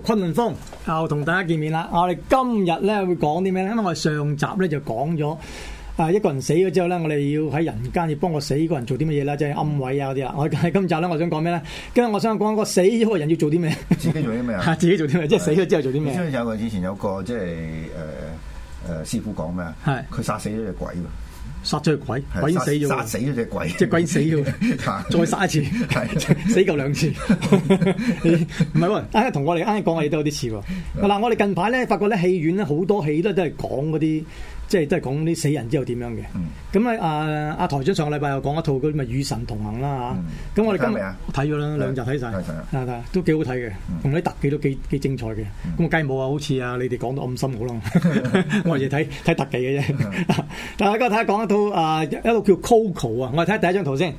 崑崙風又同大家見面啦！我哋今日咧會講啲咩咧？因為我哋上集咧就講咗啊，一個人死咗之後咧，我哋要喺人間要幫個死嗰人做啲乜嘢啦，即係暗位啊嗰啲啦。我喺今集咧，我想講咩咧？今日我想講個死咗嘅人要做啲咩？自己做啲咩啊？ 自己做啲咩？即係死咗之後做啲咩？有啊，以前有個即係誒誒，師傅講咩啊？係佢殺死咗隻鬼。殺咗隻鬼，鬼死咗。殺死咗隻鬼，隻鬼死咗，再 殺一次， 死夠兩次。唔係喎，啱同我哋啱啱講嘅嘢都有啲似喎。嗱， 我哋近排咧發覺咧戲院咧好多戲咧都係講嗰啲。即係都係講啲死人之後點樣嘅。咁咧，阿阿台長上個禮拜又講一套嗰啲咪與神同行啦嚇。咁我哋今日睇咗啦，兩集睇曬，都幾好睇嘅，同啲特技都幾幾精彩嘅。咁啊，雞冇啊，好似啊，你哋講到咁深好啦。我哋睇睇特技嘅啫。嗱，大家睇下講一套啊，一套叫 Coco 啊，我哋睇下第一張圖先。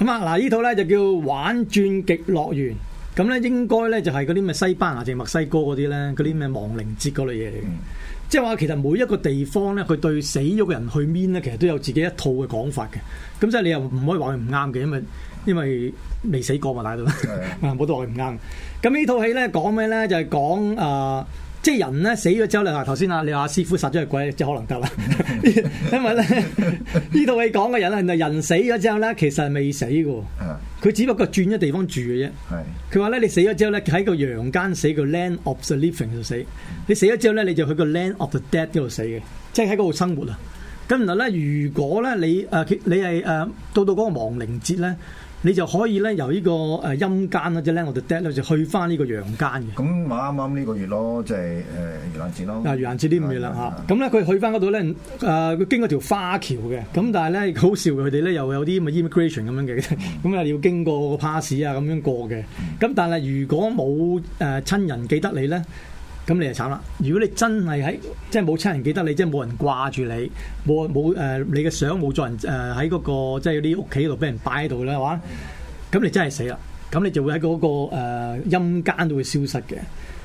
咁啊，嗱，呢套咧就叫玩轉極樂園。咁咧，應該咧就係嗰啲咩西班牙定墨西哥嗰啲咧，嗰啲咩亡靈節嗰類嘢嚟嘅。即係話，是說其實每一個地方咧，佢對死咗嘅人去 mean 咧，其實都有自己一套嘅講法嘅。咁即係你又唔可以話佢唔啱嘅，因為因為未死過嘛，大佬，冇得話佢唔啱。咁 呢套戲咧講咩咧？就係講啊。呃即係人咧死咗之後咧，你話頭先啊，你阿師傅殺咗隻鬼，即係可能得啦， 因為咧呢度你講嘅人咧，人死咗之後咧，其實係未死嘅，佢只不過轉咗地方住嘅啫。佢話咧，你死咗之後咧，喺個陽間死個 land of the living 就死，你死咗之後咧，你就去個 land of the dead 度死嘅，即係喺嗰度生活啊。咁然後咧，如果咧你誒，你係誒、呃呃、到到嗰個亡靈節咧。你就可以咧由呢個誒陰間嗰隻咧，我哋 dead 就去翻呢個陽間嘅。咁啱啱呢個月咯，即係誒盂蘭節咯。啊，盂蘭節啲月啦嚇。咁咧佢去翻嗰度咧，誒、呃、佢經過條花橋嘅。咁但係咧好笑，佢哋咧又有啲咪 immigration 咁樣嘅，咁啊、嗯、要經過個 pass 啊咁樣過嘅。咁但係如果冇誒親人記得你咧。咁你就慘啦！如果你真係喺即係冇親人記得你，即係冇人掛住你，冇冇、呃、你嘅相冇作人喺嗰、呃嗰個即係啲屋企度俾人擺喺度咧，嘅話咁你真係死啦！咁你就會喺嗰、嗰個陰、呃、陰間都會消失嘅。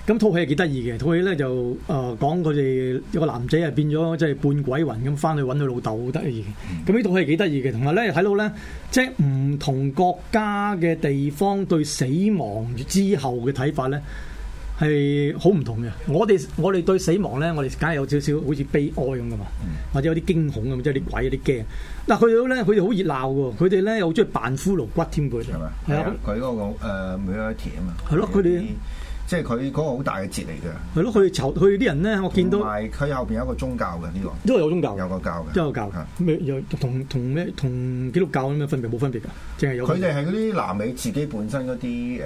咁套戲係幾得意嘅，套戲咧就、呃、講佢哋有個男仔係變咗即係半鬼魂咁翻去揾佢老豆，好得意嘅。咁呢套戲係幾得意嘅，同埋咧睇到咧，即係唔同國家嘅地方對死亡之後嘅睇法咧。係好唔同嘅，我哋我哋對死亡咧，我哋梗係有少少好似悲哀咁嘅嘛，或者有啲驚恐咁，即係啲鬼、啲驚。嗱佢哋咧，佢哋好熱鬧嘅，佢哋咧又好中意扮骷髏骨添，佢哋係咪？係啊，佢嗰個誒 mortality 啊嘛。係咯，佢哋即係佢嗰個好大嘅節嚟嘅。係咯，佢哋籌，佢啲人咧，我見到。唔係，佢後邊有一個宗教嘅呢個。因為有宗教。有個教嘅。有個教。係。同同咩同基督教咁嘅分別冇分別㗎？淨係有。佢哋係嗰啲南美自己本身一啲誒，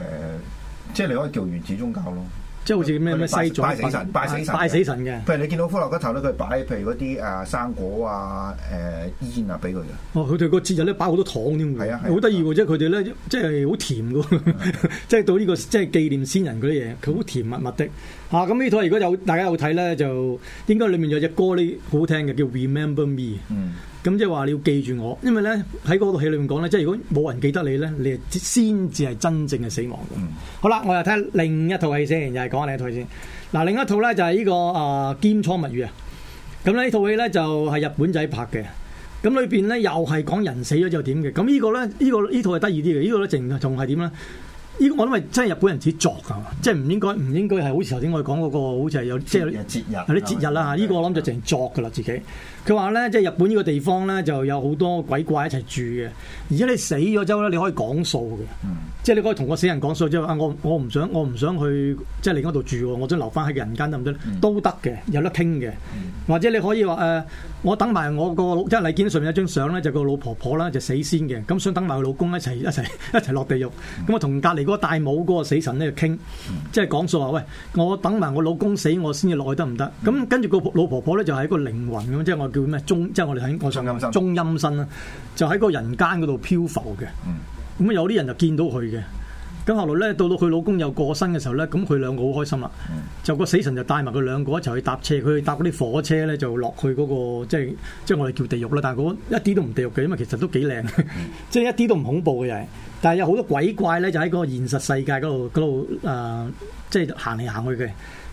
即係你可以叫原始宗教咯。即係好似咩咩西藏，拜死神，拜死神嘅。譬如你見到骷髏骨頭咧，佢擺譬如嗰啲誒生果啊、誒、呃、煙啊，俾佢嘅。哦，佢哋個節日咧擺好多糖添嘅，係啊，好得意嘅啫。佢哋咧即係好甜㗎。即係、嗯、 到呢、呢個即係紀念先人嗰啲嘢，佢好甜蜜蜜的。咁呢套如果有大家有睇咧，就應該裏面有隻歌咧好聽嘅，叫 Remember Me。嗯咁即係話你要記住我，因為咧喺嗰套戲裏面講咧，即係如果冇人記得你咧，你係先至係真正嘅死亡。嗯、好啦，我又睇下另一套戲先，又係講另一套先。嗱，另一套咧就係呢、這個啊《鎌倉物語》啊。咁呢套戲咧就係日本仔拍嘅。咁裏邊咧又係講人死咗之後點嘅？咁呢個咧呢個呢套係、這個這個這個、得意啲嘅。呢個咧淨仲係點咧？呢我諗係真係日本人自作噶，即係唔應該唔應該係好似頭先我哋講嗰個好似係有即係節日啊啲節日啦吓。呢的的個我諗就淨作噶啦的自己。佢話咧，即係日本呢個地方咧，就有好多鬼怪一齊住嘅。而家你死咗之後咧，你可以講數嘅，嗯、即係你可以同個死人講數，即、就、係、是、啊，我我唔想，我唔想去，即係你嗰度住、啊，我想留翻喺人間得唔得？嗯、都得嘅，有得傾嘅。嗯、或者你可以話、呃、我等埋我個即係你見上面有張相咧，就是、個老婆婆啦，就死先嘅。咁想等埋個老公一齊一齊一齊落地獄。咁、嗯、我同隔離嗰個大帽嗰個死神咧傾，就嗯、即係講數話喂，我等埋我老公死，我先至落去得唔得？咁、嗯、跟住個老婆婆咧就係、是、一個靈魂咁，即係我。叫咩？中即係我哋喺我唱陰中陰身啦，就喺嗰人間嗰度漂浮嘅。咁、嗯、有啲人就見到佢嘅。咁後來咧，到到佢老公又過身嘅時候咧，咁佢兩個好開心啦。嗯、就個死神就帶埋佢兩個一齊去搭車，佢搭嗰啲火車咧就落去嗰、嗰個即係即係我哋叫地獄啦。但係嗰一啲都唔地獄嘅，因為其實都幾靚，即係、嗯、 一啲都唔恐怖嘅嘢。但係有好多鬼怪咧，就喺嗰個現實世界嗰度度啊，即係行嚟行去嘅。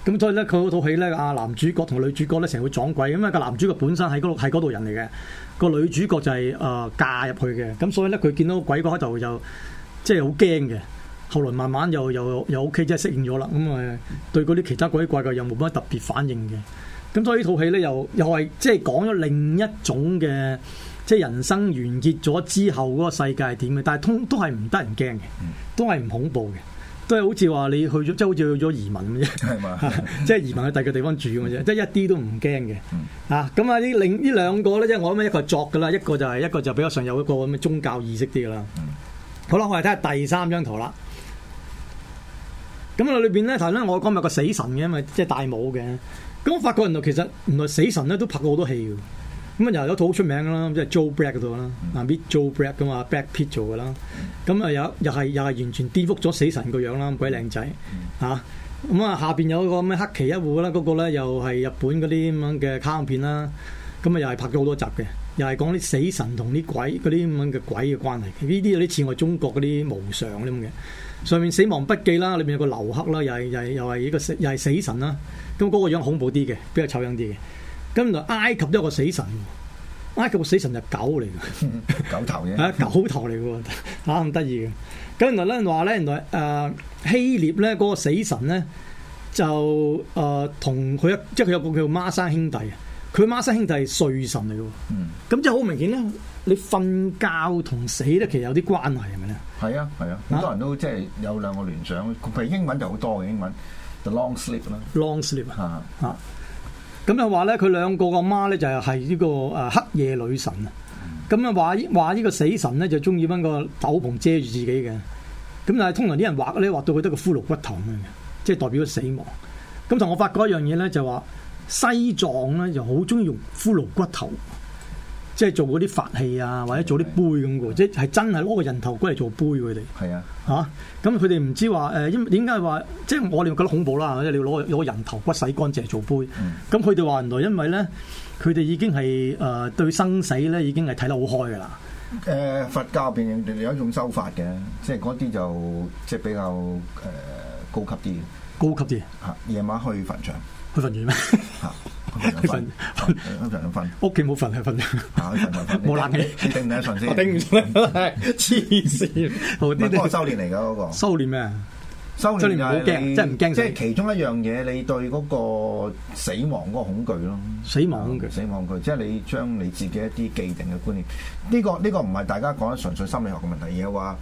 咁所以咧，佢嗰套戲咧，阿男主角同女主角咧成日會撞鬼，因為個男主角本身喺嗰係嗰度人嚟嘅，個女主角就係、是、誒、呃、嫁入去嘅，咁所以咧佢見到鬼嘅度，就又即係好驚嘅，後來慢慢又又又 OK，即係適應咗啦，咁、嗯、啊對嗰啲其他鬼怪怪又冇乜特別反應嘅，咁所以戲呢套戲咧又又係即係講咗另一種嘅，即係人生完結咗之後嗰個世界係點嘅，但係通都係唔得人驚嘅，都係唔恐怖嘅。都係好似話你去咗，即、就、係、是、好似去咗移民咁啫，嚇嗎！即係 移民去第二個地方住咁啫，即、就、係、是、一啲都唔驚嘅。嚇！咁啊，啲另呢兩個咧，即係我諗一個作㗎啦，一個就係、是、一個就比較上有嗰個咁嘅宗教意識啲㗎啦。 好啦，我哋睇下第三張圖啦。咁啊，裏邊咧頭咧，我講個死神嘅，因為即係戴帽嘅。咁我發覺原來其實原來死神咧都拍過好多戲㗎。咁啊，又有一套好出名嘅啦，即係 Joe Black 嗰度啦，啊 Meet Joe Black 咁啊，Brad Pitt 做噶啦。咁啊、嗯，又又係又係完全顛覆咗死神個樣啦，鬼靚仔嚇。咁、嗯、啊，下邊有一個咩黑崎一護啦，嗰、那個咧又係日本嗰啲咁樣嘅卡通片啦。咁、那、啊、個，又係拍咗好多集嘅，又係講啲死神同啲鬼嗰啲咁樣嘅鬼嘅關係。呢啲有啲似我中國嗰啲無常啲咁嘅。上面死亡筆記啦，裏面有個流克啦，又係又係又係依個又係死神啦。咁、那、嗰個樣恐怖啲嘅，比較醜樣啲嘅。咁原來埃及都有個死神，埃及個死神就係狗嚟嘅，狗頭嘅，啊狗頭嚟嘅，啊咁得意嘅。咁原來咧話咧，原來誒希臘咧嗰個死神咧就誒同佢即係佢有個叫孖生兄弟，佢孖生兄弟係睡神嚟嘅。嗯，咁即係好明顯咧，你瞓覺同死咧其實有啲關係係咪咧？係啊係啊，好、啊、多人都即係有兩個聯想，佢、啊、英文就好多嘅英文、The、Long Sleep 啦，Long Sleep 咁就話咧，佢兩個個媽咧就係呢個誒黑夜女神啊！咁啊話話呢個死神咧就中意搵個斗篷遮住自己嘅。咁但係通常啲人畫咧畫到佢得個骷髏骨頭咁嘅，即係代表死亡。咁同我發覺一樣嘢咧，就話西藏咧就好中意用骷髏骨頭。即係做嗰啲法器啊，或者做啲杯咁嘅，即係真係攞個人頭骨嚟做杯，佢哋係啊嚇、啊。咁佢哋唔知話誒，因點解話即係我哋覺得恐怖啦，即係你攞攞人頭骨洗乾淨做杯。咁佢哋話原來因為咧，佢哋已經係誒、呃、對生死咧已經係睇得好開㗎啦。誒、呃、佛教入邊有一種修法嘅，即係嗰啲就即係比較誒高級啲，高級啲。嚇，夜晚去墳場，去墳園咩？嚇。 瞓瞓屋企冇瞓係瞓，冇難嘅。定唔定？得順先？唔順黐線。嗰個修煉嚟㗎嗰個？修煉咩？修煉唔好驚，即係唔驚。即係其中一樣嘢，你對嗰個死亡嗰個恐懼咯。死亡恐懼，死亡恐懼，即係你將你自己一啲既定嘅觀念。呢個呢個唔係大家講嘅純粹心理學嘅問題，而係話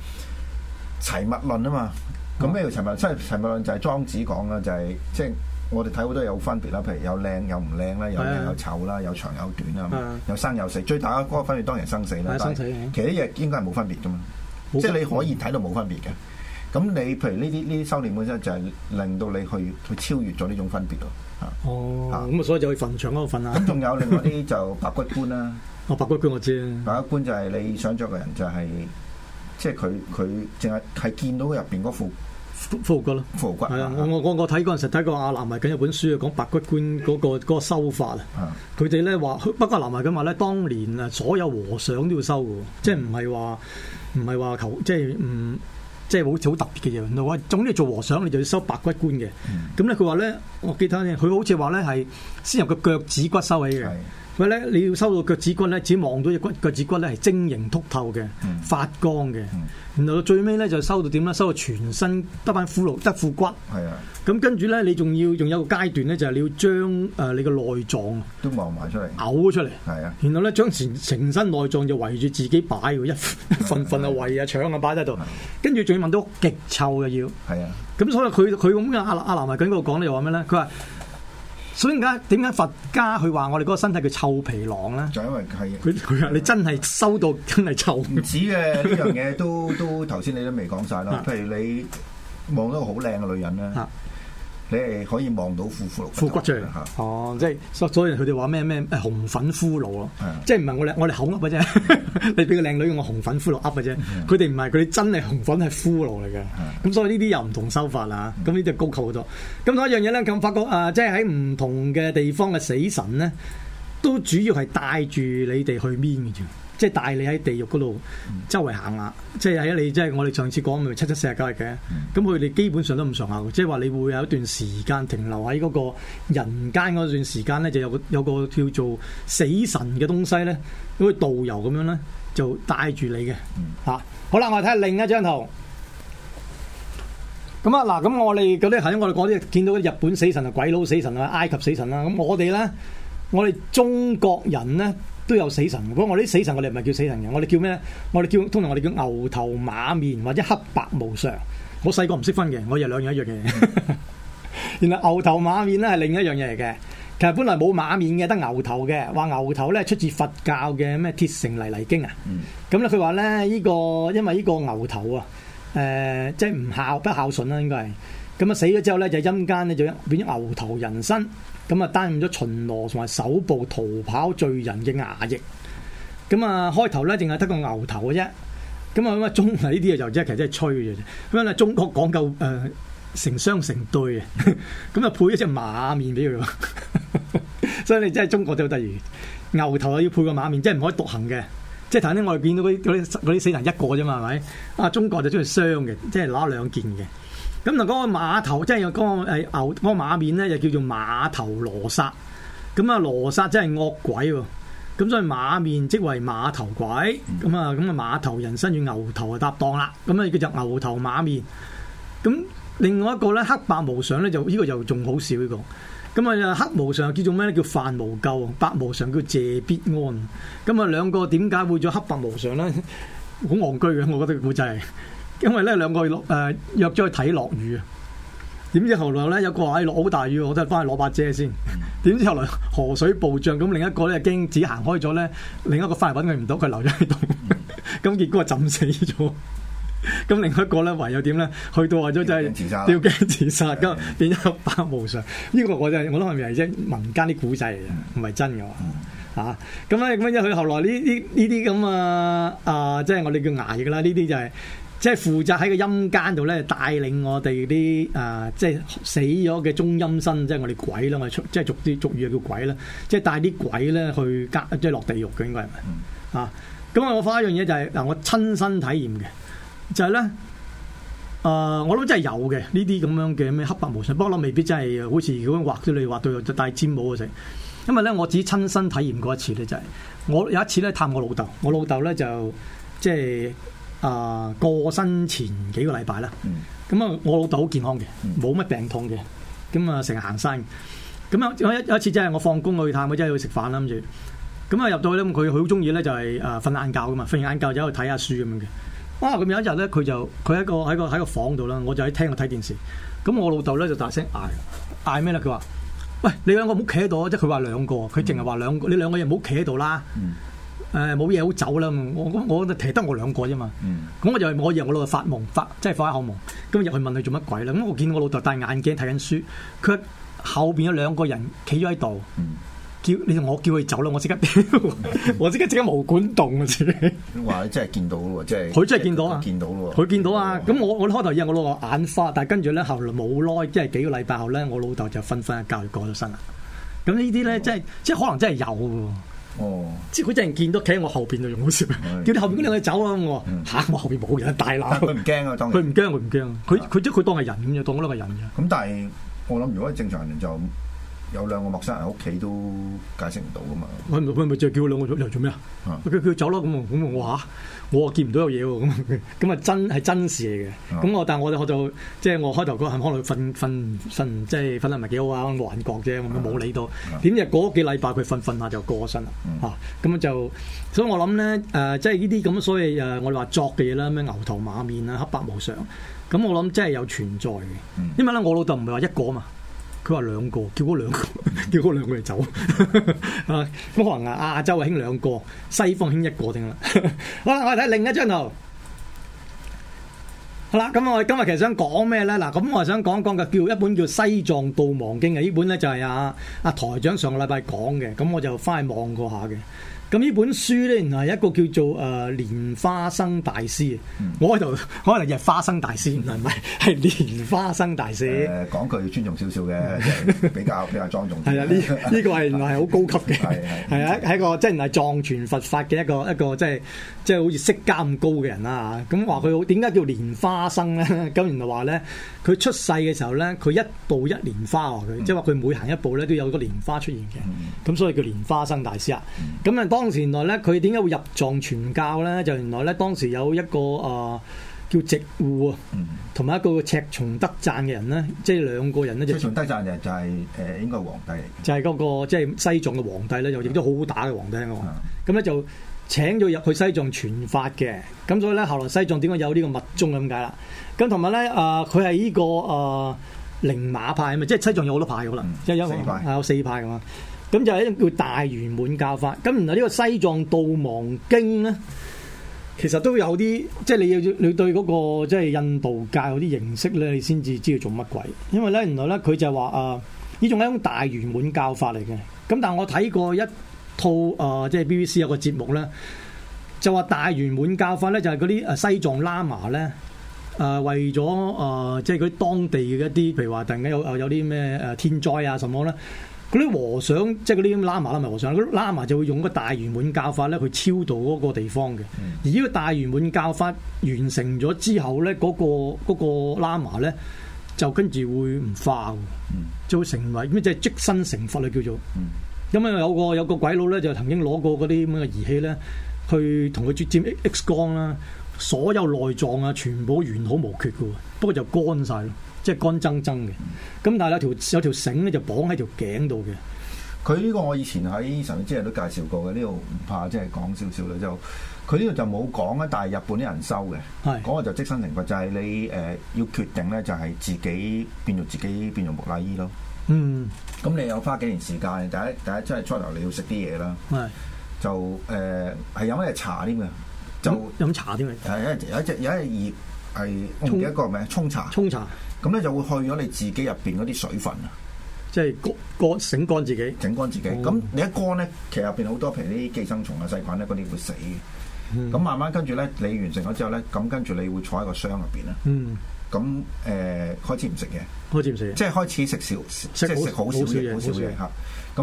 齊物論啊嘛。咁咩叫齊物論？即係齊物論就係莊子講嘅，就係即係。我哋睇好多有分別啦，譬如有靚有唔靚啦，有靚有醜啦，有長有短啦，有生有死。最大嗰個分別當然生死啦，但係其實呢啲嘢應該係冇分別㗎嘛。即係你可以睇到冇分別嘅。咁你譬如呢啲呢啲修煉本身就係令到你去去超越咗呢種分別咯。嚇，哦，咁啊，所以就去墳場嗰度瞓啦。咁仲有另外啲就白骨觀啦。哦，白骨觀我知。白骨觀就係你想著個人就係，即係佢佢淨係係見到入邊嗰副。伏骨咯，係啊！我我我睇嗰陣時睇過阿南懷瑾有本書，講白骨觀嗰、嗰個、嗰個修法啊。佢哋咧話，不過南懷瑾話咧，當年啊所有和尚都要修嘅，mm. 即係唔係話唔係話求，即係唔即係好似好特別嘅嘢，唔總之做和尚你就要修白骨觀嘅。咁咧佢話咧，我記得佢好似話咧係先由個腳趾骨收起嘅。Mm. 喂咧，你要收到腳趾骨咧，只望到隻骨腳趾骨咧係晶瑩剔透嘅，發光嘅。然後最尾咧就收到點咧？收到全身得返骷髏，得副骨。係啊、嗯。咁跟住咧，你仲要仲有一個階段咧，就係你要將誒你個內臟都望埋出嚟，嘔出嚟。係啊。然後咧，將全成身內臟就圍住自己擺喎，一一份份啊胃啊腸啊擺喺度。跟住仲要聞到極臭嘅要。係啊。咁所以佢佢咁嘅阿阿南華警官講你又話咩咧？佢話。所以點解點解佛家佢話我哋嗰個身體叫臭皮囊咧？就因為係佢佢啊！他說你真係收到真係臭不的。唔止嘅，呢樣嘢都都，頭先你都未講晒啦。譬如你望到個好靚嘅女人咧，你係可以望到枯骨，枯骨出嚟嚇，哦，即係所所以佢哋話咩咩紅粉骷髏咯，嗯、即係唔係我哋我哋口噏嘅啫， 你俾個靚女用個紅粉骷髏噏嘅啫，佢哋唔係佢哋真係紅粉係骷髏嚟嘅，咁、嗯、所以呢啲又唔同修法啦，咁呢啲就高級好多。咁同一樣嘢咧，咁發覺啊，即係喺唔同嘅地方嘅死神咧，都主要係帶住你哋去搣嘅啫。即係帶你喺地獄嗰度周圍行下，嗯、即係喺你即係我哋上次講咪七七四十九日嘅，咁佢哋基本上都唔常下，即係話你會有一段時間停留喺嗰個人間嗰段時間咧，就有個有個叫做死神嘅東西咧，好似導遊咁樣咧，就帶住你嘅嚇、嗯啊。好啦，我哋睇下另一張圖。咁啊嗱，咁我哋嗰啲頭先我哋講啲見到日本死神啊、鬼佬死神啊、埃及死神啦，咁我哋咧，我哋中國人咧。都有死神，如果我啲死神，我哋唔係叫死神嘅，我哋叫咩？我哋叫通常我哋叫牛頭馬面或者黑白無常。我細個唔識分嘅，我亦兩樣一樣嘅。 原來牛頭馬面咧係另一樣嘢嚟嘅。其實本來冇馬面嘅，得牛頭嘅。話牛頭咧出自佛教嘅咩《鐵城泥犁經》啊、嗯？咁咧佢話咧呢個因為呢個牛頭啊，誒、呃、即係唔孝不孝順啦，應該係。咁啊死咗之後咧，就陰間咧就變咗牛頭人身，咁啊擔任咗巡邏同埋守部逃跑罪人嘅衙役。咁啊開頭咧，淨係得個牛頭嘅啫。咁啊咁啊中啊呢啲嘢就真係其實真係吹嘅啫。咁樣咧中國講究誒成雙成對嘅，咁啊、嗯、 配一隻馬面俾佢。 所以你真係中國好得意。牛頭啊要配個馬面，即係唔可以獨行嘅。即係頭先我哋見到嗰啲啲死人一個啫嘛，係咪？啊中國就中意雙嘅，即係攞兩件嘅。咁就嗰個馬頭，即係又嗰個誒牛，嗰個馬面咧，就叫做馬頭羅剎。咁啊羅剎真係惡鬼喎。咁所以馬面即為馬頭鬼。咁啊咁啊馬頭人身與牛頭啊搭檔啦。咁啊叫做牛頭馬面。咁另外一個咧黑白無常咧，就、呢、呢個又仲好少呢、呢個。咁啊黑無常叫做咩咧？叫范無咎，白無常叫謝必安。咁啊兩個點解會做黑白無常咧？好戇居嘅，我覺得個故仔係。因為咧兩個誒、呃、約咗去睇落雨啊，點知後來咧有個話落好大雨，我真係翻去攞把遮先。點知後來河水暴漲，咁另一個咧驚只行開咗咧，另一個翻去揾佢唔到，佢留咗喺度，咁結果浸死咗。咁另一個咧唯有點咧，去到話咗就係吊頸自殺，咁對變咗白無常。呢、這個我就我都係咪係即民間啲古仔嚟嘅，唔係真嘅。吓咁咧咁樣，佢、嗯啊、後來呢呢呢啲咁啊啊，即係我哋叫牙醫啦，呢啲就係、是。即係負責喺個陰間度咧，帶領我哋啲啊，即係死咗嘅中陰身，即係我哋鬼啦，嘛，即係俗啲俗語叫鬼啦，即係帶啲鬼咧去隔，即係落地獄嘅，應該係咪、嗯、啊？咁啊，我花一樣嘢就係、是、嗱，我親身體驗嘅就係、是、咧，啊、呃，我諗真係有嘅呢啲咁樣嘅咩黑白無常，不過我諗未必真係好似如果畫到你畫到帶尖帽嗰陣，因為咧我只親身體驗過一次咧、就是，就係我有一次咧探我老豆，我老豆咧就即係。啊，過身前幾個禮拜啦，咁啊，我老豆好健康嘅，冇乜病痛嘅，咁啊成日行山。咁啊，有一次真係我放工去探佢，真係去食飯啦。住，咁啊入到去咧，佢好中意咧就係啊瞓晏覺噶嘛，瞓完晏覺就喺度睇下書咁嘅。哇！咁有一日咧，佢就佢喺個喺個喺個房度啦，我就喺廳度睇電視。咁我老豆咧就大聲嗌，嗌咩咧？佢話，喂，你兩個唔好企喺度。即係佢話兩個，佢淨係話兩個，你兩個又唔好企喺度啦。嗯誒，冇嘢好走啦，我我得得我兩個啫嘛，咁、嗯、我就我又我老豆發夢發，即係發下惡夢，咁入去問佢做乜鬼啦？咁我見我老豆戴眼鏡睇緊書，佢後邊有兩個人企咗喺度，叫你同我叫佢走啦，我即刻， 刻，我即刻即刻毛管動啊！真話你真係見到喎，即係佢真係見到啊，見到佢見到啊！咁、嗯、我我開頭以為我老豆眼花，但係跟住咧後嚟冇耐，即係幾個禮拜後咧，我老豆就瞓瞓下覺過咗身啦。咁呢啲咧，即係即係可能真係有的。哦，即係嗰隻人見到企喺我後邊就用好笑，叫你的後邊嗰兩個人走啊！我吓我後邊冇人，大鬧佢唔驚啊，當佢唔驚，佢唔驚，佢佢將佢當係人咁就當我都係人嘅。咁但係我諗如果正常人就。有兩個陌生人喺屋企都解釋唔到噶嘛？佢喂，咪再係叫佢哋兩個老人做咩、嗯、啊？佢佢走啦，咁咁我嚇，我見唔到有嘢喎！咁啊咁啊， 是真係真事嚟嘅。咁、嗯、我但係我哋學到，即係我開頭嗰陣可能瞓瞓瞓即係瞓得唔係、嗯、幾好、嗯、啊？幻覺啫，冇理到。點知嗰幾禮拜佢瞓瞓下就過身啦嚇！咁就，所以我諗咧誒，即係呢啲咁所以誒，我哋話作嘅嘢啦，咩牛頭馬面啊、黑白無常咁，我諗真係有存在嘅。因為咧，我老豆唔係話一個啊嘛。佢話兩個，叫嗰兩個，叫嗰兩個嚟走、嗯。咁可能啊，亞洲興兩個，西方興一個㗎啦。 好啦，我睇另一張圖。好啦，咁我今日其實想講咩咧？嗱，咁我想講講嘅叫一本叫《西藏度亡經》嘅呢本咧，就係阿阿台長上個禮拜講嘅，咁我就翻去望過下嘅。咁呢本書咧，原來係一個叫做誒蓮花生大師，我喺度可能係花生大師，原唔係係蓮花生大師。講、呃、講句要尊重少少嘅，就是、比較比較莊重啲。係啦， 呢 個個係原來係好高級嘅？係啊，係一個即係藏傳佛法嘅一個一個，一個即係即係好似釋迦咁高嘅人啦。咁話佢點解叫蓮花花生咧，咁原來話咧，佢出世嘅時候咧，佢一步一蓮花喎，佢即係話佢每行一步咧，都有一個蓮花出現嘅，咁所以叫蓮花生大師啊。咁啊、嗯，當時原來咧，佢點解會入藏傳教咧？就原來咧，當時有一個、呃、叫直護啊，同埋一個赤松德贊嘅人咧，嗯、即係兩個人咧就係、赤松德贊嘅就係、就係誒應該皇帝，就係嗰個即係西藏嘅皇帝咧，又亦都好好打嘅皇帝咁咧就。請咗入去西藏傳法嘅，咁所以咧後來西藏點解有，有呢、呃是這個密宗咁解啦？咁同埋咧，誒佢係呢個誒寧馬派啊嘛，即係西藏有好多派嘅可能，嗯、即係有四派、啊，有四派嘅嘛。咁就係一種叫大圓滿教法。咁原來呢個西藏度亡經咧，其實都有啲，即係你要你對嗰、那個即係印度教嗰啲認識咧，你先至知道做乜鬼。因為咧原來咧佢就係話誒，呢種係一種大圓滿教法嚟嘅。咁但我睇過一。套啊、呃，即係 BBC 有個節目咧，就話大圓滿教法咧，就係嗰啲啊西藏喇嘛咧，啊、呃、為咗啊、呃、即係佢當地嘅一啲，譬如話突然間有有啲咩誒天災啊什麼咧，嗰啲和尚即係嗰啲喇嘛啦埋和尚，嗰喇，喇嘛就會用個大圓滿教法咧去超度嗰個地方嘅。而呢個大圓滿教法完成咗之後咧，嗰個嗰個喇嘛咧就跟住會唔化，就會成為咩即係即身成佛啦叫做。因為、嗯、有個有個鬼佬咧，就曾經攞過嗰啲咁嘅儀器咧，去同佢接尖 X 光啦，所有內臟啊，全部完好無缺嘅，不過就乾晒咯，即係乾爭爭嘅。咁、嗯、但係有條有條繩咧，就綁喺條頸度嘅。佢呢個我以前喺神秘之夜都介紹過嘅，呢度唔怕即係講少少啦。就佢呢度就冇講啊，但係日本啲人收嘅，講是就即身成佛，就係、是、你誒、呃、要決定咧，就係自己變做自己變做木乃伊咯。嗯，咁你又花幾年時間？第一，第一即係初頭你要食啲嘢啦，就誒係飲咩茶添嘅，就飲茶添嘅，有一隻有一葉係唔記得個咩沖沖茶，沖茶，咁咧就會去咗你自己入邊嗰啲水分啊，即係乾乾整乾自己，整乾自己。咁、哦、你一乾咧，其實入邊好多譬如啲寄生蟲啊、細菌咧，嗰啲會死。咁、嗯、慢慢跟住咧，你完成咗之後咧，咁跟住你會坐喺個箱入邊咧。嗯。咁誒開始唔食嘢，開始唔食嘢，即係開始食少，即係食好少嘢，好少嘢吓。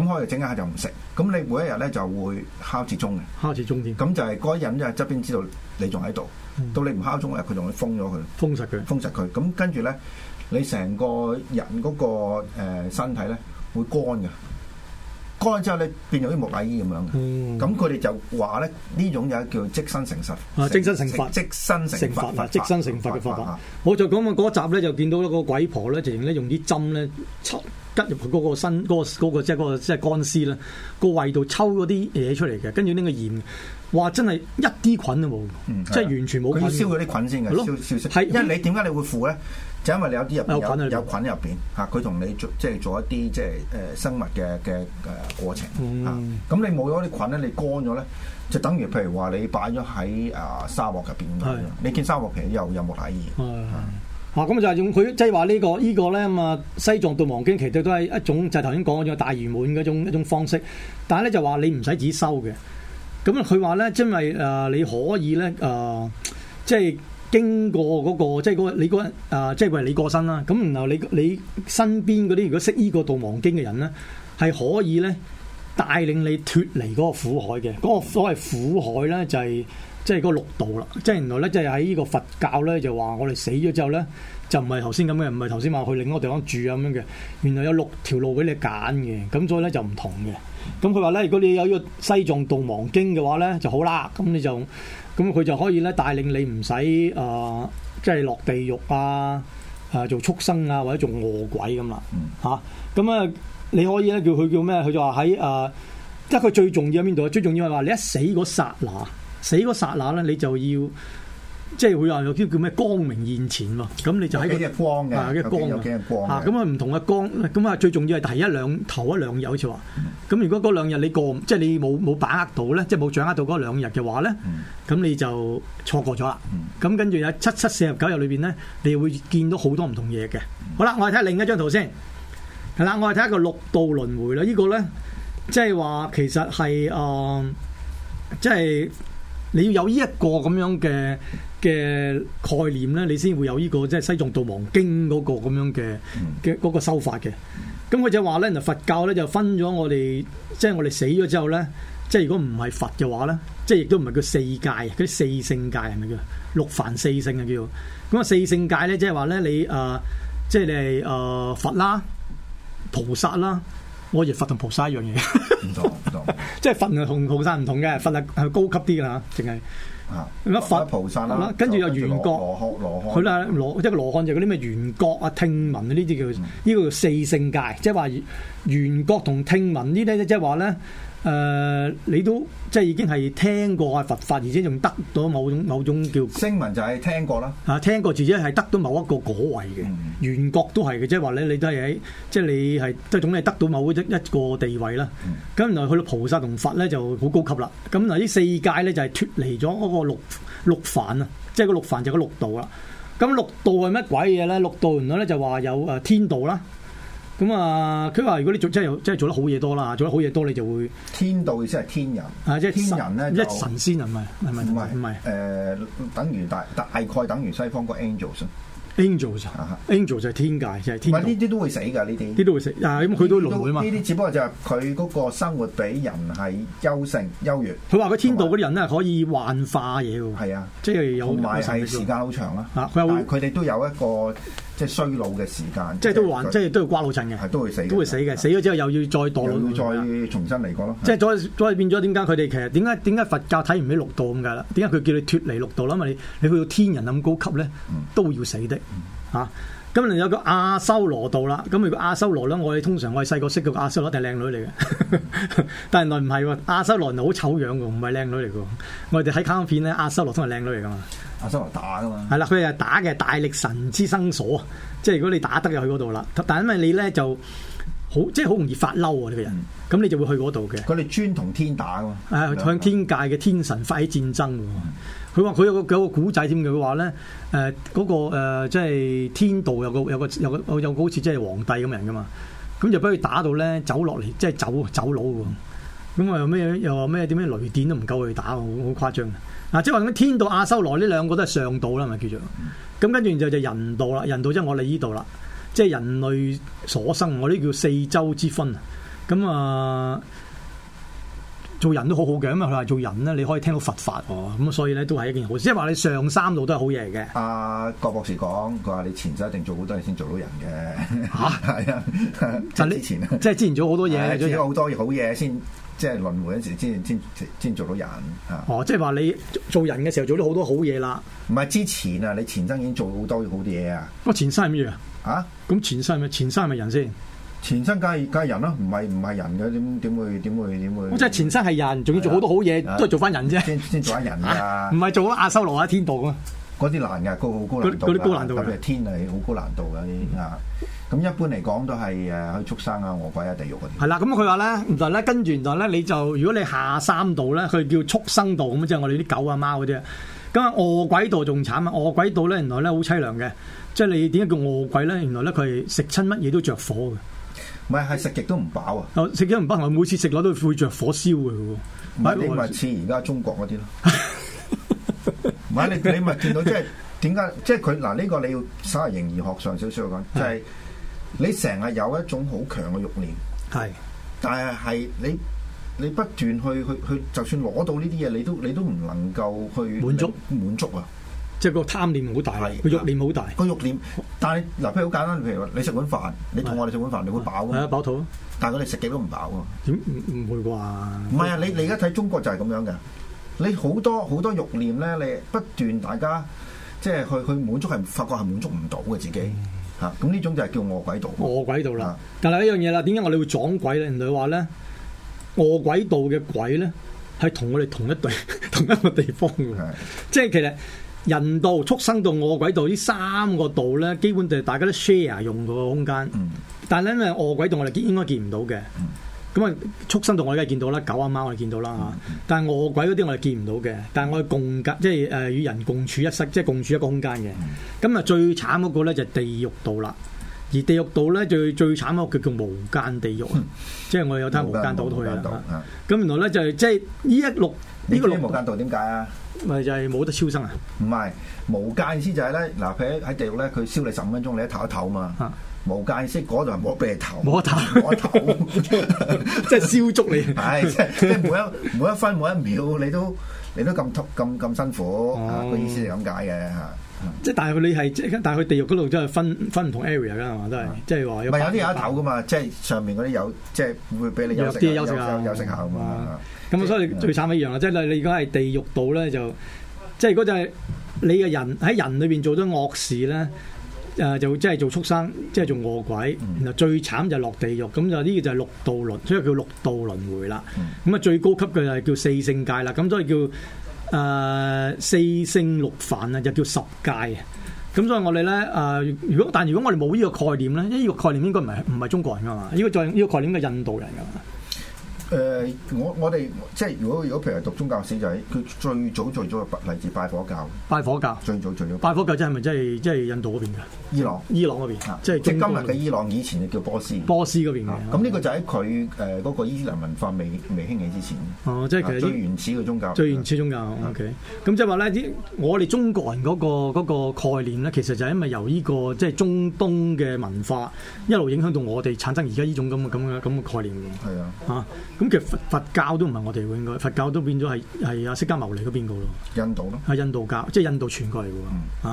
咁開整一下就唔食，咁你每一日咧就會敲至鐘嘅，敲至鐘添。咁就係嗰人就側邊知道你仲喺度，到你唔敲鐘嘅日，佢仲會封咗佢，封實佢，封實佢。咁跟住咧，你成個人嗰個誒身體咧會乾嘅。開之後咧，變咗啲木乃伊咁樣嘅。嗯，咁佢哋就話咧，呢種嘢叫做即身成佛。成啊，即身成佛，即身成佛，成佛發即身成佛嘅方法。我發就講過嗰集咧，就見到一個鬼婆咧，就咧用啲針咧插吉入嗰個身，嗰、嗰個即係即乾屍啦，嗰個胃度抽嗰啲嘢出嚟嘅，跟住拎個鹽。哇！真係一啲菌都冇，即係完全冇。佢要燒嗰啲菌先嘅，的燒燒出。的因為你點解你會腐咧？就因為你有啲入有菌入邊嚇，佢同你即係做一啲即係誒生物嘅嘅誒過程咁、嗯啊、你冇咗啲菌咧，你乾咗咧，就等於譬如話你擺咗喺誒沙漠入邊的你見沙漠其實又有有冇體驗？的啊咁就係用佢即係話呢個呢。個咧咁啊，西藏度亡經其實都係一種就係頭先講嘅大圓滿嗰種一種方式。但係咧就話你唔使自己收嘅。咁佢話咧，因為你可以咧、呃、即係經過嗰、嗰個，即係你嗰個，即即係你過身啦。咁然後你你身邊嗰啲如果識依個《度亡經》嘅人咧，係可以咧帶領你脫離嗰個苦海嘅。嗰、嗰個所謂苦海咧、就係，就係即係嗰六道啦。即係原來咧，即係喺呢個佛教咧，就話我哋死咗之後咧，就唔係頭先咁嘅，唔係頭先話去另一個地方住咁樣嘅。原來有六條路俾你揀嘅，咁所以咧就唔同嘅。咁佢話咧，如果你有呢個西藏度亡經嘅話咧，就好啦。咁你就咁佢就可以咧帶領你唔使、呃、即係落地獄啊、呃，做畜生啊，或者做餓鬼咁啦嚇咁啊，你可以咧叫佢叫咩？佢就話喺即係佢最重要喺邊度？最重要係話你一死嗰剎那，死嗰剎那咧，你就要。即係會話有啲叫咩光明現前喎，咁你就喺、嗰個啊，一光啊，咁啊唔同嘅光，咁啊最重要係第一兩頭一兩日，好似話，咁如果嗰兩日你過，即係你冇冇把握到咧，即係冇掌握到嗰兩日嘅話咧，咁你就錯過咗啦。咁跟住有七七四十九日裏邊咧，你會見到好多唔同嘢嘅。好啦，我哋睇下另一張圖先。係啦，我哋睇下一個六道輪迴啦。這個、呢個咧，即係話其實係誒、呃，即係你要有呢一個咁樣嘅。嘅概念咧，你先會有呢、這個即係西藏度亡經嗰、那個咁樣嘅嘅嗰個修法嘅。咁佢就話咧，人佛教咧就分咗我哋，即係我哋死咗之後咧，即係如果唔係佛嘅話咧，即係亦都唔係叫四界，嗰啲四聖界係咪叫六凡四聖啊？叫做咁啊四聖界咧、呃，即係話咧你啊，即係你係啊佛啦、菩薩啦，我亦佛同菩薩一樣嘢，唔同唔同，同 即係佛同菩薩唔同嘅，佛係高級啲嘅嚇，淨係。阿、嗯、佛，有國跟住有緣覺，佢咧羅，羅，羅，羅即係羅漢就嗰啲咩緣覺啊、聽聞啊呢啲叫呢、嗯、個叫四聖界，即係話緣覺同聽聞呢啲即係話咧。誒，uh, 你都即係已經係聽過阿佛法，而且仲得到某種某種叫聲聞，就係聽過啦。嚇、啊，聽過，自己係得到某一個果位嘅，緣覺、嗯、都係嘅，即係話咧，你都係喺即係你係即係總係得到某一一個地位啦。咁原來去到菩薩同佛咧就好高級啦。咁嗱，呢四界咧就係脫離咗嗰個六六凡啊，即係個六凡就係個六道啦。咁六道係乜鬼嘢咧？六道原來咧就話有誒天道啦。咁啊！佢話如果你做真係真係做得好嘢多啦，做得好嘢多你就會天道先係天人啊，即係天人咧即係神仙啊咪係咪？唔係唔係誒，等於大大概等於西方個 angels，angels angel 就係天界就係天。唔係呢啲都會死噶呢啲，都會死啊！咁佢都輪回嘛？呢啲只不過就係佢嗰個生活比人係優勝優越。佢話個天道嗰啲人咧可以幻化嘢，係啊，即係有同埋係時間好長啦，但係佢哋都有一個。即係衰老嘅時間，即係都會還，即係都要瓜老襯嘅，係都會死，都會死嘅，死咗的之後又要再墮落，又要再重新嚟過咯。即係再再變咗，點解佢哋其實點解點解佛教睇唔起六道咁噶啦？點解佢叫你脫離六道啦？因為，你你去到天人咁高級咧，都要死的，吓、嗯。啊今年有個阿修羅道啦，咁如果阿修羅咧，我哋通常我哋細個識個阿修羅係靚女嚟嘅，但 原來唔係喎，阿修羅原來好醜樣嘅，唔係靚女嚟嘅。我哋喺卡通片咧，阿修羅都係靚女嚟噶嘛，阿修羅打噶嘛，係啦，佢係打嘅大力神之生所。即係如果你打得入去嗰度啦，但因為你咧就好，即係好容易發嬲喎呢個人，咁、嗯、你就會去嗰度嘅。佢哋專同天打喎，係向天界嘅天神發起戰爭喎。嗯.佢話佢有個有個古仔添嘅，佢話咧，誒，嗰個即係天道有個有個有個有個好似即係皇帝咁樣噶嘛，咁就俾佢打到咧走落嚟，即係走走佬喎。咁啊又咩又話咩點樣雷電都唔夠佢打，好誇張嘅。即係話咁天道阿修羅呢兩個都係上道啦，係咪叫做，咁跟住就就人道啦，人道即係我哋呢度啦，即係人類所生，我呢叫四洲之分啊。咁啊～、呃做人都好好嘅，咁啊佢話做人咧，你可以聽到佛法。哦，咁所以咧都係一件好事。即係話你上三路都係好嘢嘅。阿郭、啊、博士講，佢話你前生一定做好多嘢先做到人嘅。吓？係啊。即 你之前即係之前做好多嘢、啊人啊，做咗好多好嘢先，即係輪迴嗰時先先先做到人啊。哦，即係話你做人嘅時候做咗好多好嘢啦。唔係之前啊，你前生已經做好多好嘢啊。不過前生係咩啊？啊？咁前生係咪前生係咪人先？前身加加人咯，唔係唔係人嘅，點點會點會點會？即係前身係人，仲要做好多好嘢，都係做翻人啫。先做翻人啊！唔係做下阿修羅下天道啊！嗰啲難嘅高高嗰啲高難度，特別係天氣好高難度嘅啲啊。咁的一般嚟講都係誒去畜生啊、餓鬼啊、地獄嗰啲。係啦，咁佢話咧原來咧跟住原來咧你就如果你下三道咧，佢叫畜生道咁即係我哋啲狗啊、貓嗰啲。咁啊，餓鬼道仲慘啊！餓鬼道咧原來咧好凄涼嘅。即係你點解叫餓鬼咧？原來咧佢係食親乜嘢都着火嘅。唔係，係食極都唔飽啊！食極唔飽，我每次食落都會着火燒嘅。唔係你咪似而家中國嗰啲咯？唔係 你你咪見到即係點解？即係佢嗱呢個你要稍為形而學上少少講，就係、是、你成日有一種好強嘅欲念。係是，但係係你你不斷去去去，就算攞到呢啲嘢，你都你都唔能夠去滿足滿足啊！即係個貪念好大，個、啊、欲念好大，個欲念。但係嗱，譬如好簡單，譬如你食碗飯，你同我哋食碗飯，你會飽。係啊，飽、啊啊、肚。但係我哋食幾多唔飽。點唔唔會啩？唔係啊，你你而家睇中國就係咁樣嘅。你好多好多欲念咧，你不斷大家即係去去滿足，係發覺係滿足唔到嘅自己。吓、嗯，咁呢、啊、種就係叫餓鬼道。餓鬼道啦。啊、但係呢樣嘢啦，點解我哋會撞鬼咧？人哋話咧，餓鬼道嘅鬼咧，係同我哋同一地、同一個地方嘅。即係、啊、其實。人道、畜生道、餓鬼道，呢三個道咧，基本就大家都 share 用個空間。嗯、但係咧，因為餓鬼道我哋應該見唔到嘅。咁啊、嗯嗯，畜生道我哋梗係見到啦，狗阿貓我哋見到啦嚇，嗯嗯。但係餓鬼嗰啲我哋見唔到嘅。但係我哋共隔，即係誒、呃、與人共處一室，即係共處一個空間嘅。咁啊、嗯，嗯嗯、最慘嗰個咧就係地獄道啦。而地獄道咧最最慘嗰個叫叫無間地獄哼即係我哋有睇無間道都去咁原來咧就係、即係呢一六。呢個無間道點解啊？咪就係冇得超生啊！唔係，無間意思就係、是、咧，嗱喺喺地獄咧，佢燒你十五分鐘，你一唞一唞嘛。啊！無間意思嗰度係冇得俾你唞，冇得唞，冇得唞，即係燒足你。係即係即係每一 每一分 每一秒你都你都咁痛咁咁辛苦。哦、啊，個意思係咁解嘅嚇。即係但係你係即但係地獄嗰度真係分分唔同 area 噶係嘛，都係即係話唔係有啲人唞噶嘛，即係上面嗰啲有即係會俾你有啲休息下休息下嘛。咁所以最慘一樣啊，即係你如果係地獄度咧就即係嗰就係你嘅人喺人裏邊做咗惡事咧誒就即係做畜生，即係做餓鬼，然後最慘就係落地獄，咁就呢個就係六道輪，所以叫六道輪回啦。咁啊最高級嘅就係叫四聖界啦，咁所以叫。誒、呃、四聖六凡，啊，就叫十界啊。咁所以我哋咧誒，如、呃、果但如果我哋冇呢個概念咧，呢、呢個概念應該唔係唔係中國人噶嘛？呢、呢個概念應該係印度人噶嘛？誒，我我哋即係如果如果譬如讀宗教史就喺佢最早最早嘅嚟自拜火教，拜火教最早最早拜火教真係咪真係即係印度嗰邊噶？伊朗伊朗嗰邊即係即係今日嘅伊朗以前就叫波斯，波斯嗰邊嘅。咁呢個就喺佢誒嗰個伊朗文化未未興起之前。哦，即係其實啲原始嘅宗教，最原始宗教。O K. 咁即係話咧，啲我哋中國人嗰個嗰個概念咧，其實就係因為由呢個即係中東嘅文化一路影響到我哋，產生而家呢種咁嘅咁嘅咁嘅概念。係啊，啊。咁其實佛佛教都唔係我哋喎，應該佛教都變咗係係阿釋迦牟尼嗰邊個咯，印度咯，係印度教，即係印度傳過嚟嘅喎。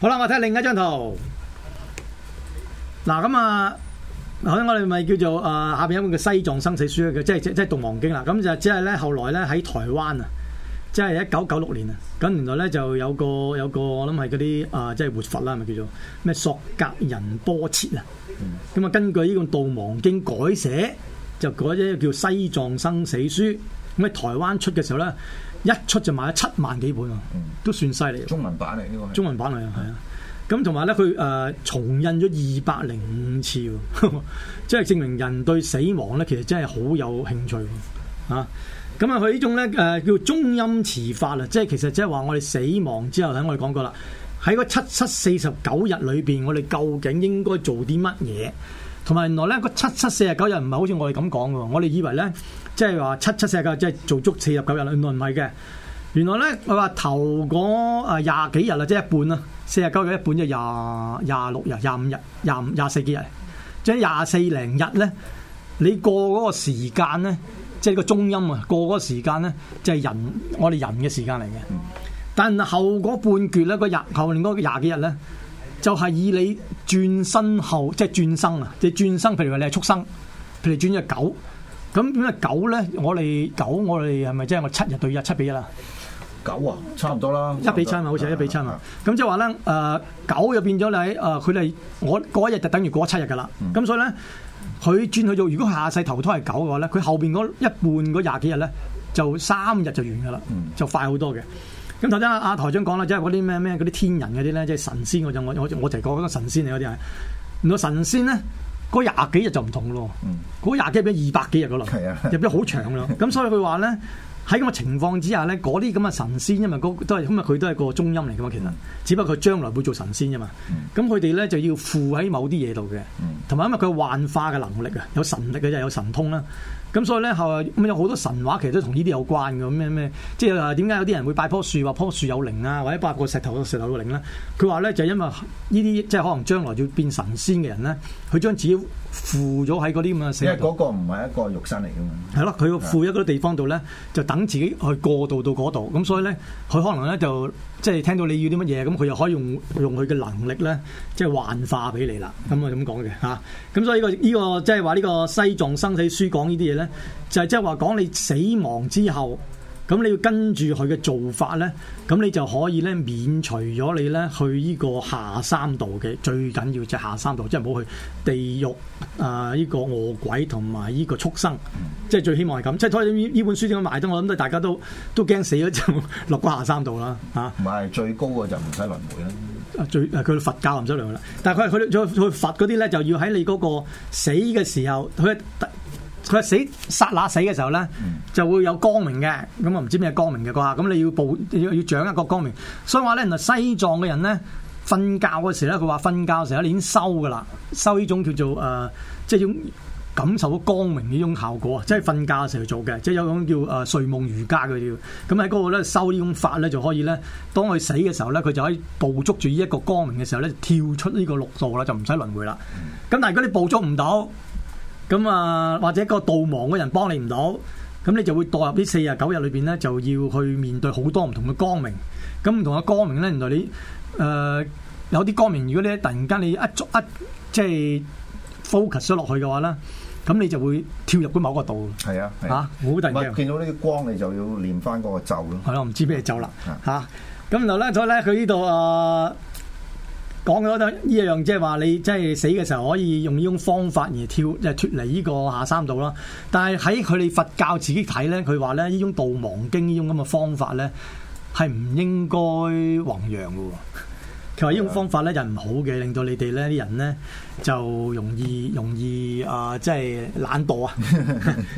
好啦，我睇下另一張圖。嗱，咁啊，喺、啊、我哋咪叫做啊下邊有個叫西藏生死書嘅，即係即係即係《度亡經》啦。咁就即係咧，後來咧喺台灣啊，即係一九九六年啊，咁原來咧就有個有個我諗係嗰啲啊，即係活佛啦，係咪叫做咩索格仁波切啊？咁啊，根據呢個《度亡經》改寫。就嗰啲叫西藏生死書，咁喺台灣出嘅時候咧，一出就賣咗七萬幾本啊，都算犀利。中文版嚟呢個，中文版嚟啊，係啊。咁同埋咧，佢誒、呃、重印咗二百零五次喎，即係、就是、證明人對死亡咧，其實真係好有興趣啊。咁啊，佢呢種咧誒叫中陰持法啊，即係其實即係話我哋死亡之後，喺我哋講過啦，喺個七七四十九日裏邊，我哋究竟應該做啲乜嘢？同埋原來咧個七七四十九日唔係好似我哋咁講嘅，我哋以為咧即係話七七四十九即係做足四十九日原來唔係嘅。原來咧我話頭嗰廿幾日啦，即係一半啦，四十九日一半就廿廿六日、廿五日、廿廿四幾日，即係廿四零日咧。你過嗰個時間咧，即係個中陰啊，過嗰個時間咧，即係人我哋人嘅時間嚟嘅。但係後嗰半橛咧，個廿後年嗰廿幾日咧。就係以你轉身後，即係轉生啊！即係轉生，譬如話你係畜生，譬如轉咗狗，咁點解狗咧？我哋狗，我哋係咪即係我七日對日七比一啊？狗啊，差唔多啦，一比七啊，好似係一比七啊。咁即係話咧，誒、呃，狗又變咗你，誒、呃，佢哋，我嗰一日就等於過七日噶啦。咁、嗯、所以咧，佢轉去做，如果下世投胎係狗嘅話咧，佢後邊嗰一半嗰廿幾日咧，就三日就完噶啦，就快好多嘅。咁頭先阿台長講啦，即係嗰啲咩咩嗰啲天人嗰啲咧，即係神仙嗰種我我我就係講嗰個神仙嚟嗰啲係。原來神仙咧，嗰廿幾日就唔同咯。嗰廿幾日比二百幾日嗰度，入邊好長咯。咁所以佢話咧，喺咁嘅情況之下咧，嗰啲咁嘅神仙，因為都係咁啊，佢都係個中陰嚟噶嘛，其實，只不過佢將來會做神仙啫嘛。咁佢哋咧就要附喺某啲嘢度嘅，同埋因為佢幻化嘅能力啊，有神力嘅，即有神通啦。咁所以咧後咁有好多神話其實都同呢啲有關嘅。咩咩，即係點解有啲人會拜棵樹，話樖樹有靈啊，或者拜個石頭，個石頭有靈咧？佢話咧就係、因為呢啲即係可能將來要變神仙嘅人咧，佢將自己。附咗喺嗰啲咁嘅死，因為嗰個唔係一個肉身嚟嘅嘛。係咯，佢要附一個地方度咧，就等自己去過渡到嗰度，咁所以咧，佢可能咧就即係聽到你要啲乜嘢，咁佢又可以用用佢嘅能力咧，即係幻化俾你啦。咁啊咁講嘅嚇，咁所以呢個呢個即係話呢個西藏生死書講呢啲嘢咧，就係即係話講你死亡之後。咁你要跟住佢嘅做法咧，咁你就可以咧免除咗你咧去呢個下三道，嘅最緊要就下三道，即係唔好去地獄啊依、呃呢個餓鬼同埋呢個畜生，嗯、即係最希望係咁。即係拖到呢本書點解賣得，我諗都大家都都驚死咗、 啊，就落個下三道啦吓，唔係最高嘅就唔使輪回啦，最誒佢佛教唔使輪迴啦，但係佢佢佢佛嗰啲咧就要喺你嗰個死嘅時候佢。佢死剎那死嘅時候咧，就會有光明嘅，咁、嗯嗯、我唔知咩光明嘅個，咁你要捕要掌握個光明，所以話咧，原來西藏嘅人咧，瞓覺嘅時候咧，佢話瞓覺嘅時候你已經收噶啦，收呢種叫做、呃、即係要感受到光明呢種效果啊，即係瞓覺嘅時候做嘅，即係有種叫誒、呃、睡夢瑜伽嗰啲，咁喺嗰個咧收呢種法咧就可以咧，當佢死嘅時候咧，佢就可以捕捉住呢一個光明嘅時候咧，跳出呢個六道啦，就唔使輪迴啦。咁、嗯、但係如果你捕捉唔到。咁啊，或者個導盲嘅人幫你唔到，咁你就會墮入啲四十九日裏面咧，就要去面對好多唔同嘅光明。咁唔同嘅光明咧，原來你誒、呃、有啲光明，如果你突然間你一捉一即係、就是、focus 咗落去嘅話咧，咁你就會跳入咗某個度。係啊，嚇好、啊啊、突然嘅、啊。見到呢啲光，你就要念翻嗰個咒咯。係我唔知咩咒啦嚇。咁、啊、然後呢，咧，再咧佢呢度啊。講咗得呢樣，即係話你即係死嘅時候可以用呢種方法而跳即係脱離呢個下三道啦。但係喺佢哋佛教自己睇咧，佢話咧，呢種度亡經呢種咁嘅方法咧係唔應該弘揚喎。佢話呢種方法咧就唔好嘅，令到你哋咧啲人咧。就容易容易啊！即係懶惰啊！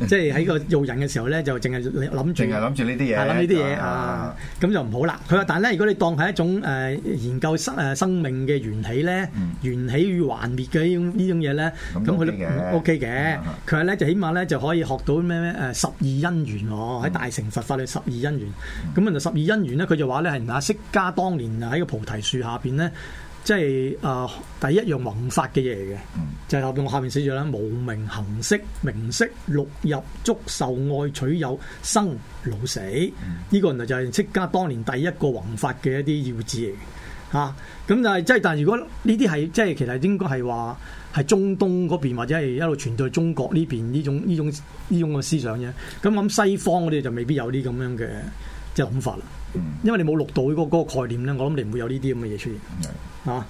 即係喺個做人嘅時候咧，就淨係諗住，諗住呢啲嘢，諗呢啲嘢啊，咁就唔好啦。佢話但係咧，如果你當係一種誒、呃、研究生誒生命嘅緣起咧，緣、嗯、起與幻滅嘅呢種呢種嘢咧，咁佢都 OK 嘅。佢話咧就起碼咧就可以學到咩咩誒十二因緣喎。喺大乘佛法裏十二因緣。咁啊、嗯、十二因緣咧，佢就話咧係阿釋迦當年喺個菩提樹下邊咧。即係啊、呃，第一樣弘法嘅嘢嚟嘅，就係、是、我下面寫住咧，無明、行、識、名色、六入、足、受、愛、取、有、生、老、死。呢、這個原來就就係釋迦當年第一個弘法嘅一啲要旨嚟嘅嚇。咁、啊、就係即係，但係如果呢啲係即係其實應該係話係中東嗰邊或者係一路傳在中國呢邊呢種呢種呢種嘅思想啫。咁諗西方我哋就未必有啲咁樣嘅即係諗法啦。嗯，因為你冇錄到嗰嗰個概念咧，我諗你唔會有呢啲咁嘅嘢出現，係是的、啊、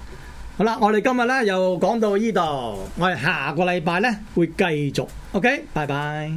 好啦，我哋今日咧又講到呢度，我哋下個禮拜咧會繼續。OK，拜拜。